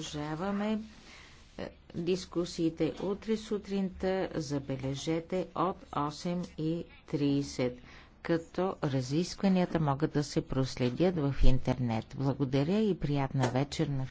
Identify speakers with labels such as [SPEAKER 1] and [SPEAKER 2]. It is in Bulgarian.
[SPEAKER 1] Продължаваме е, дискусиите утре сутринта, забележете, от 8.30, като разискванията могат да се проследят в интернет. Благодаря и приятна вечер на